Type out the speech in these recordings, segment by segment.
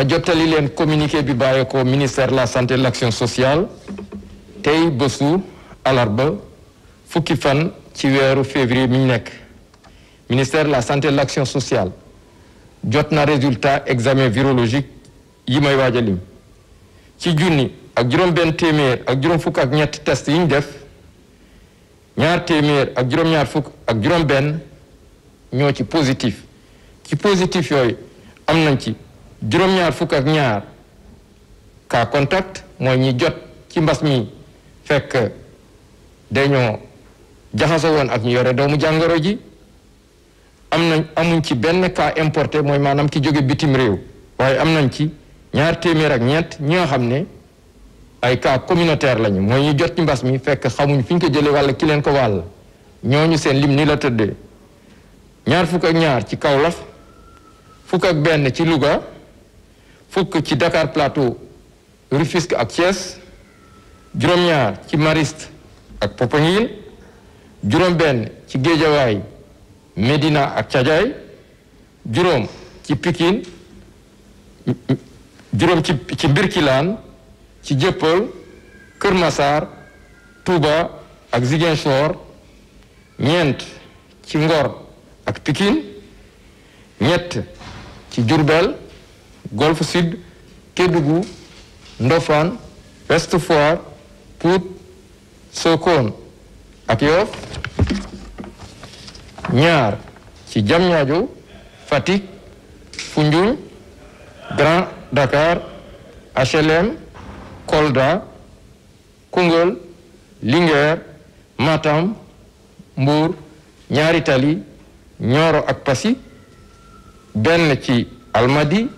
ma jottali leen communiqué bi bàyyee ko ministère la santé et de l'action sociale tey bésu alarba fukki fan ci weeru février mi ñu nekk ministère de la santé de l'action sociale jot na résultat examen virologique yi may waaj a lim ci junni ak juróom-benn téeméer ak juróom fukk ak ñett test yi def ñaar téeméer ak juróom-ñaar fukk ak juróom-benn ñoo ci positif ci positif yooyu am nañ ci. juróom-ñaar fukk ak ñaar cas contact mooy ñi jot ci mbas mi fekk dañoo jaxasoo woon ak ñu yore doomu jàngoro ji am nañ amuñ ci benn cas importé mooy maanaam ki jóge bitim réew waaye am nañ ci ñaar téeméer ak ñeent ñi nga xam ne ay cas communautaire lañu mooy ñu jot ci mbas mi fekk xamuñ fi ñu ko jëlee walla ki leen ko wàll ñu seen lim ni la tëddee ñaar fukk ak ñaar ci Kaolack fukk ak benn ci Louga fukk ci Dakar Plateau Rufisque ak Thiès juróom-ñaar ci Mariste ak Popenguine juróom-benn ci Géejawaay Médina ak Cajaay juróom ci Pikine juróom ci ci Birkilaan ci Jëppal Kër Massar Touba ak Ziguinchor ñeent ci Ngor ak Pikine ñett ci Diourbel Golf Sud Kédougou Ndofane Ouest Foire Pout Sokone ak Yoff ñaar ci Diamniadio Fatick Foundiougne Grand Dakar HLM Kolda Koungheul Linguère Matam Mbour ñaari Tali Nioro ak Passy benn ci Almadi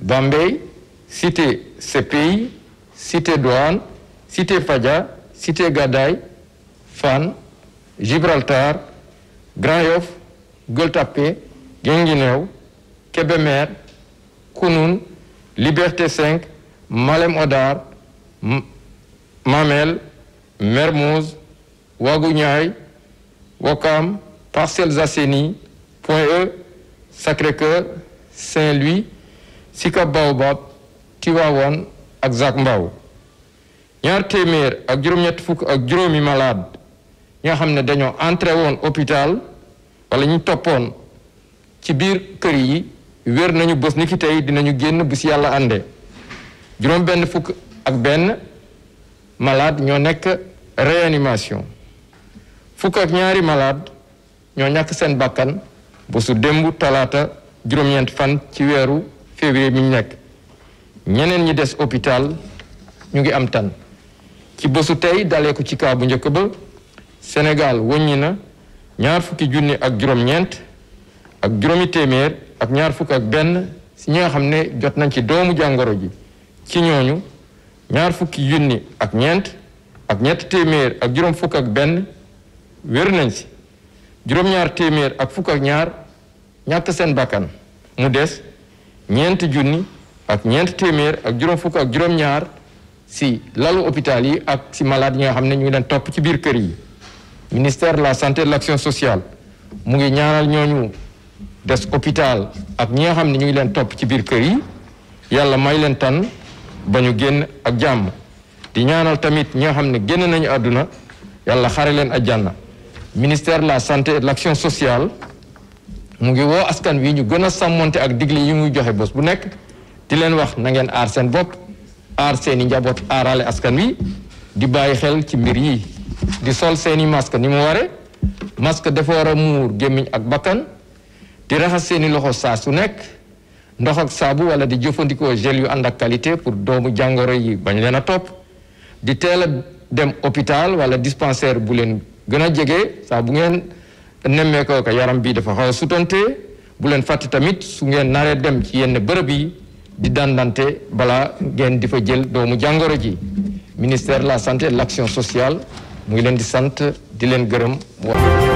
Bambey cité CPI cité douane cité Fadia cité Gadaye Fann Gibraltar Grand Yoff Gueule Tapée Guinguinéo Liberté 5 Malem Hodar Mamel Mermoz Ouagou Niayes Ouakam Parcelles E sacré Saint-Louis Sicap Baobab Tivaouane ak Zac Mbao ñaar téeméer ak juróom-ñett fukk ak juróomi malade ñi nga xam ne dañoo entré woon hôpital wala ñu toppoon ci biir kër yi wér nañu bés ni ki tey dinañu génn bu si yàlla ànde juróom benn fukk ak benn malaad ñoo nekk réanimation fukk ak ñaari malade ñoo ñàkk seen bakkan bésu démb talaata juróom-ñeent fan ci weeru février mi ñu nekk ñeneen ñi des hôpital ñu ngi am tan ci bésu tey dalee ko ci kaa bu njëkk ba Sénégal wëññi na ñaar fukki junni ak juróom-ñeent ak juróomi téeméer ak ñaar fukk ak benn si ñi xam ne jot nañ ci doomu jàngoro ji ci ñooñu ñaar fukki junni ak ñeent ak ñett téeméer ak juróom fukk ak benn wér nañ si juróom-ñaar téeméer ak fukk ak ñaar ñàkk seen bakkan mu des ñeenti junni ak ñeenti téeméer ak juróom fukk ak juróom-ñaar si lalu hôpital yi ak si malaat yi nga xam ne ñu ngi leen topp ci biir kër yi ministère la santé et sociale mu ngi ñaanal ñooñu des hôpital ak ñi nga xam ne ñu ngi leen topp ci biir kër yi yàlla may leen tan ba ñu génn ak jàmm di ñaanal tamit ñi nga xam ne génn nañu àdduna yàlla xare leen àjjana ministère de la santé et l'action sociale mu ngi woo askan wi ñu gën a sàmmonte ak digle yi muy joxe bos bu nekk di leen wax na ngeen aar seen bopp aar seen i njaboot aarale askan wi di bàyyi xel ci mbir yi di sol seen i masque ni mu ware masque dafa war a muur gémmiñ ak bakkan di raxas seen i loxo saa su nekk ndox ak saabu wala di jëfandikoo gel yu ànd ak qualité pour doomu jàngoro yi bañ leen a topp di teel a dem hôpital wala dispensaire bu leen gën a jege saa bu ngeen nemmeekoo ko yaram bi dafa xaw a sutante bu leen fàtte tamit su ngeen naree dem ci yenn bërëb yi di dandante bala ngeen di fa jël doomu jàngoro ji ministère la santé de l'action sociale mu ngi leen di sant di leen gërëm.